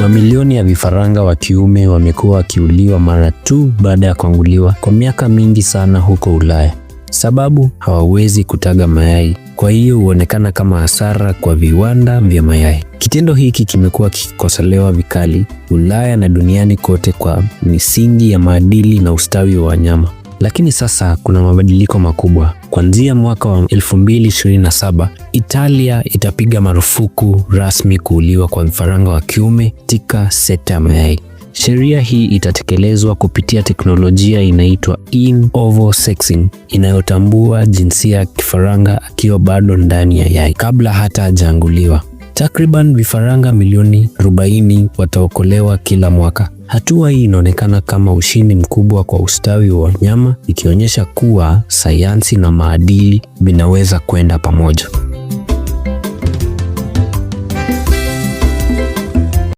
Mamilioni ya vifaranga wa kiume wamekuwa wakiuliwa mara tu baada ya kuanguliwa kwa miaka mingi sana huko Ulaya, sababu hawawezi kutaga mayai, kwa hiyo huonekana kama hasara kwa viwanda vya mayai. Kitendo hiki kimekuwa kikikosolewa vikali Ulaya na duniani kote kwa misingi ya maadili na ustawi wa wanyama. Lakini sasa kuna mabadiliko makubwa. Kuanzia mwaka wa 2027 Italia itapiga marufuku rasmi kuuliwa kwa vifaranga wa kiume katika sekta ya mayai. Sheria hii itatekelezwa kupitia teknolojia inaitwa in ovo sexing inayotambua jinsia ya kifaranga akiwa bado ndani ya yai kabla hata hajaanguliwa. Takriban vifaranga milioni 40 wataokolewa kila mwaka. Hatua hii inaonekana kama ushindi mkubwa kwa ustawi wa wanyama, ikionyesha kuwa sayansi na maadili vinaweza kwenda pamoja.